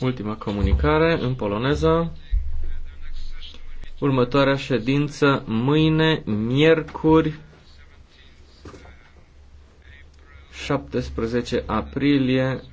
Ultima comunicare în poloneză. Următoarea ședință mâine, miercuri, 17 aprilie